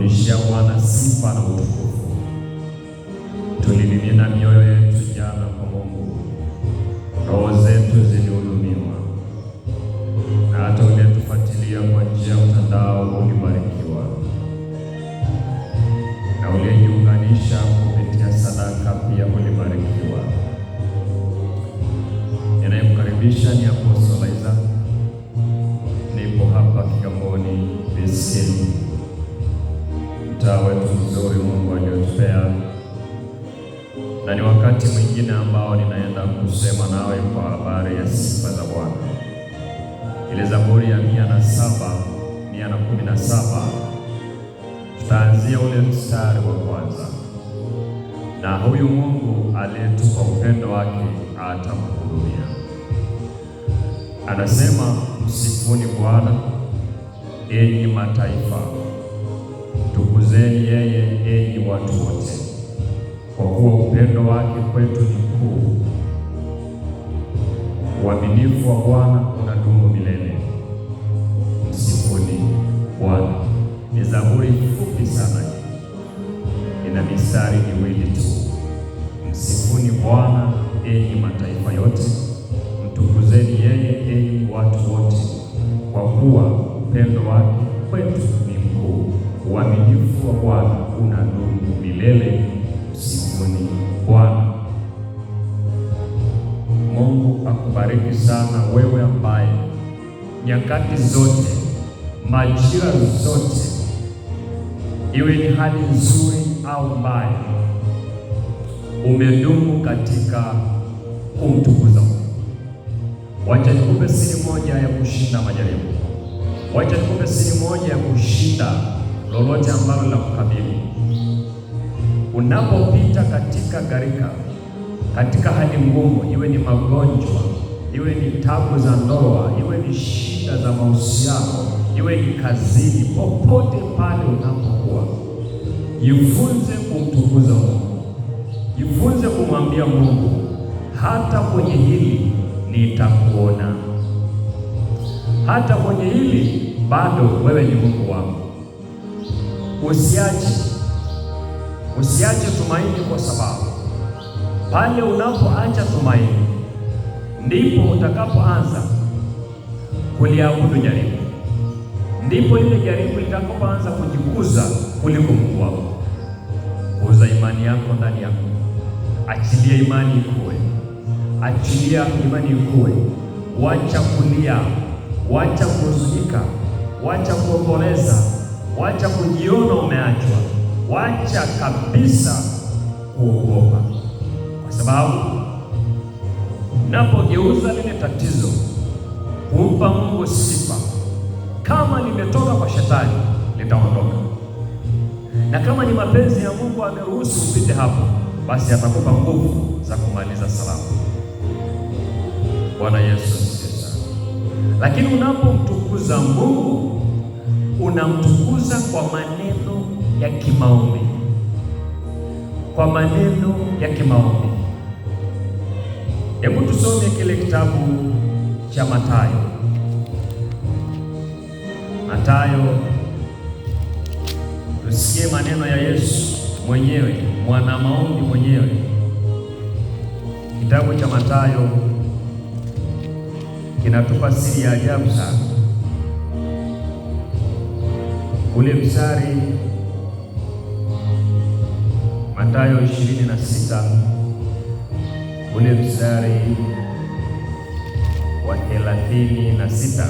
kumrudishia Bwana sifa na utukufu. Tulimimina mioyo yetu jana kwa Mungu, roho zetu zilihudumiwa, na hata uliyetufuatilia kwa njia ya mtandao ulibarikiwa, na uliyejiunganisha kupitia sadaka pia ulibarikiwa. Ninayemkaribisha ni wakati mwingine ambao ninaenda kusema nawe kwa habari ya sifa za Bwana. Ile Zaburi ya mia na saba mia na kumi na saba tutaanzia ule mstari wa kwanza, na huyu Mungu aliyetupa upendo wake atamhurumia. Anasema, msifuni Bwana enyi mataifa, tukuzeni yeye enyi watu wote kwa kuwa upendo wake kwetu ni mkuu. Uaminifu wa Bwana unadumu milele. Msifuni Bwana. Ni zaburi fupi sana, ina mistari miwili tu. Msifuni Bwana enyi mataifa yote, mtukuzeni yeye enyi watu wote, kwa kuwa upendo wake kwetu ni mkuu. Uaminifu wa Bwana unadumu milele. kuamini sana wewe, ambaye nyakati zote, majira zote, iwe ni hali nzuri au mbaya, umedumu katika kumtukuza Mungu. Wacha nikupe siri moja ya kushinda majaribu. Wacha nikupe siri moja ya kushinda lolote ambalo la kukabili. Unapopita katika gharika, katika hali ngumu, iwe ni magonjwa iwe ni tabu za ndoa, iwe ni shida za mahusiano, iwe ni kazini, popote pale unapokuwa, jifunze kumtukuza Mungu, jifunze kumwambia Mungu, hata kwenye hili nitakuona, hata kwenye hili bado wewe ni Mungu wangu. Usiache, usiache tumaini, kwa sababu pale unapoacha tumaini ndipo utakapoanza kuliabudu jaribu, ndipo ile jaribu litakapoanza kujikuza kuliko Mungu wako. Kuuza imani yako ndani yako, achilia imani ikue, achilia imani ikue. Wacha kulia, wacha kuhuzunika, wacha kuomboleza, wacha kujiona umeachwa, wacha kabisa kuogopa, kwa sababu napogeuza lile tatizo kumpa Mungu sifa, kama limetoka kwa shetani litaondoka, na kama ni mapenzi ya Mungu ameruhusu upite hapo, basi atakupa nguvu za kumaliza salama. Bwana Yesu asifiwe Lakini unapomtukuza Mungu unamtukuza kwa maneno ya kimaombi, kwa maneno ya kimaombi Hebu tusome kile kitabu cha Mathayo. Mathayo, tusikie maneno ya Yesu mwenyewe, mwana maombi mwenyewe. Kitabu cha Mathayo kinatupa siri ya ajabu sana. Ule mstari Mathayo 26 ule mstari wa thelathini na sita.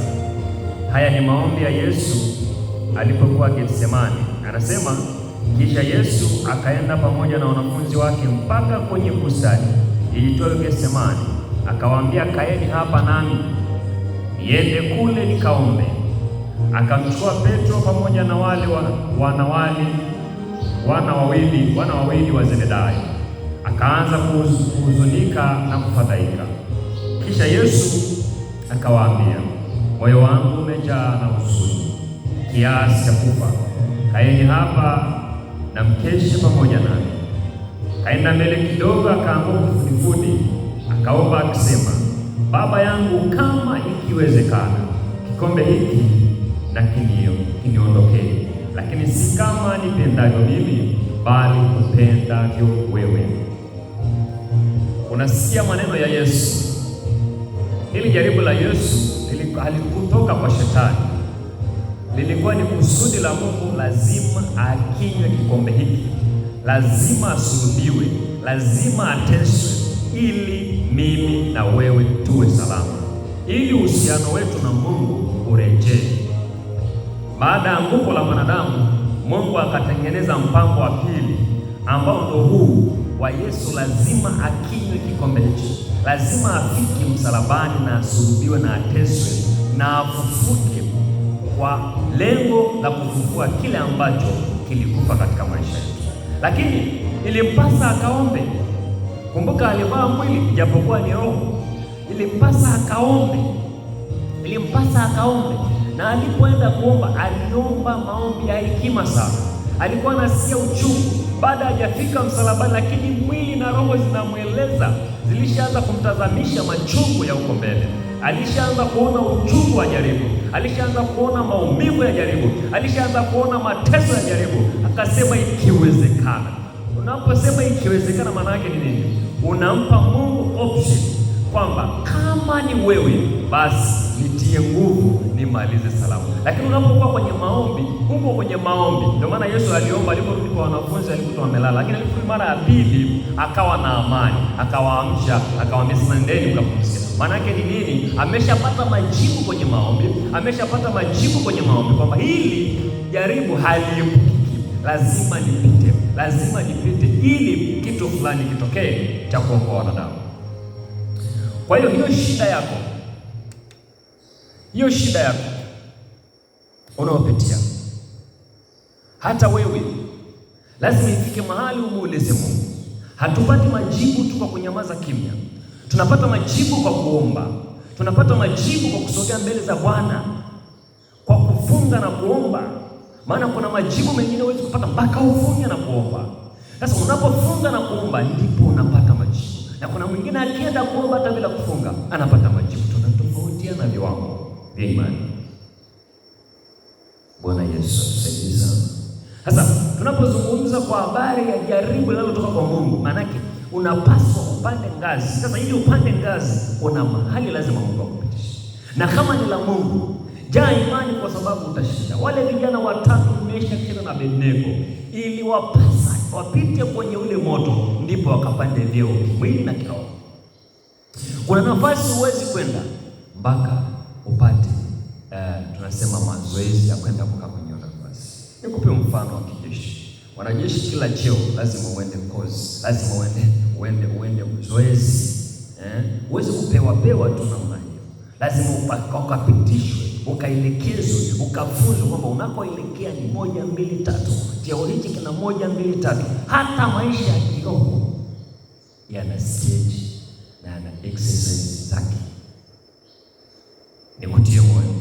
Haya ni maombi ya Yesu alipokuwa Getsemani, anasema kisha Yesu akaenda pamoja na wanafunzi wake mpaka kwenye bustani iitwayo Getsemani, akawaambia kaeni hapa nami niende kule nikaombe. Akamchukua Petro pamoja na wale wa, wanawali wana wawili wana wawili wa Zebedayo akaanza kuhuzunika na kufadhaika. Kisha Yesu akawaambia, moyo wangu umejaa na huzuni kiasi cha kufa. Kaeni hapa na mkeshe pamoja nami. Kaenda mbele kidogo, akaamua kifudifudi, akaomba akisema, Baba yangu, kama ikiwezekana, kikombe hiki na kinio kiniondokee, lakini si kama nipendavyo mimi, bali upendavyo wewe unasikia maneno ya Yesu. Hili jaribu la Yesu halikutoka kwa shetani, lilikuwa ni kusudi la Mungu. Lazima akinywe kikombe hiki, lazima asulubiwe, lazima ateswe, ili mimi na wewe tuwe salama, ili uhusiano wetu na Mungu urejee. Baada ya anguko la mwanadamu, Mungu akatengeneza mpango wa pili ambao ndio huu wa Yesu lazima akinywe kikombe hicho, lazima afike msalabani na asulubiwe na ateswe na afufuke kwa lengo la kufufua kile ambacho kilikufa katika maisha yake lakini ilimpasa akaombe. Kumbuka, alivaa mwili japokuwa ni roho, ilimpasa akaombe, ilimpasa akaombe. Na alipoenda kuomba, aliomba maombi ya hekima sana alikuwa anasikia uchungu baada hajafika msalabani, lakini mwili na roho zinamweleza, zilishaanza kumtazamisha machungu ya huko mbele. Alishaanza kuona uchungu wa jaribu, alishaanza kuona maumivu ya jaribu, alishaanza kuona mateso ya jaribu. Akasema ikiwezekana. Unaposema ikiwezekana, maana yake ni nini? Unampa Mungu option kwamba kama ni wewe basi nitie nguvu nimalize salamu. Lakini unapokuwa kwenye maombi, huko kwenye maombi. Ndio maana Yesu aliomba aliporudi kwa wanafunzi, alikuta wamelala, lakini aliporudi mara ya pili akawa na amani, akawaamsha, akawaambia sasa nendeni mkapumzike. Maana yake ni nini? Ameshapata majibu kwenye maombi, ameshapata majibu kwenye maombi kwamba hili jaribu haliepukiki, lazima nipite, lazima nipite ili kitu fulani kitokee cha kuokoa wanadamu. Kwa hiyo hiyo shida yako, hiyo shida yako unaopitia, hata wewe lazima ifike mahali umuulize Mungu. Hatupati majibu tu kwa kunyamaza kimya, tunapata majibu kwa kuomba, tunapata majibu kwa kusogea mbele za Bwana, kwa kufunga na kuomba, maana kuna majibu mengine huwezi kupata mpaka ufunge na kuomba. Sasa unapofunga na kuomba ndipo unapata majibu na kuna mwingine akienda kuomba hata bila kufunga anapata majibu. Tunatofautiana viwango vya imani. Bwana Yesu atusaidie sana. Sasa tunapozungumza kwa habari ya jaribu linalotoka kwa Mungu, maanake unapaswa upande ngazi. Sasa ili upande ngazi, kuna mahali lazima Mungu akupitishe, na kama ni la Mungu, jaa imani, kwa sababu utashinda. Wale vijana watatu mmesha kisha na Abednego wapasa wapite kwenye ule moto, ndipo wakapande vyeo mwili na kiroho. Kuna nafasi huwezi kwenda mpaka upate uh, tunasema mazoezi ya kwenda kukaa kwenye nafasi. Nikupe mfano wa kijeshi. Wanajeshi kila cheo lazima uende kozi, lazima uende uende uende zoezi eh? Uwezi kupewa pewa tu namna hiyo, lazima ukapitishwe ukaelekezwa, ukafunzwa kwamba unakoelekea ni moja mbili tatu, cheo hichi kina moja mbili tatu. Hata maisha ya kiroho yana stage na yana exercise zake. Nikutie moyo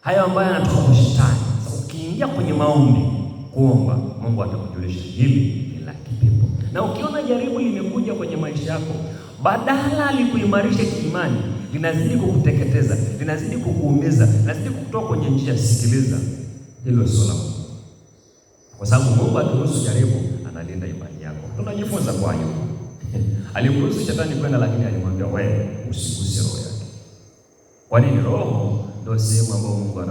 hayo ambayo yanatoka kwa Shetani. Ukiingia kwenye maombi kuomba, Mungu atakujulisha hili ni la kipepo, na ukiona jaribu limekuja kwenye maisha yako, badala likuimarishe kiimani linazidi kukuteketeza, linazidi kukuumiza, linazidi kukutoa kwenye njia, sikiliza, hilo sio la Mungu, kwa sababu Mungu akiruhusu jaribu analinda imani yako. Tunajifunza kwa hiyo alimruhusu shetani kwenda, lakini alimwambia wewe usiguse roho yake. Kwa nini? Roho ndio sehemu ambayo Mungu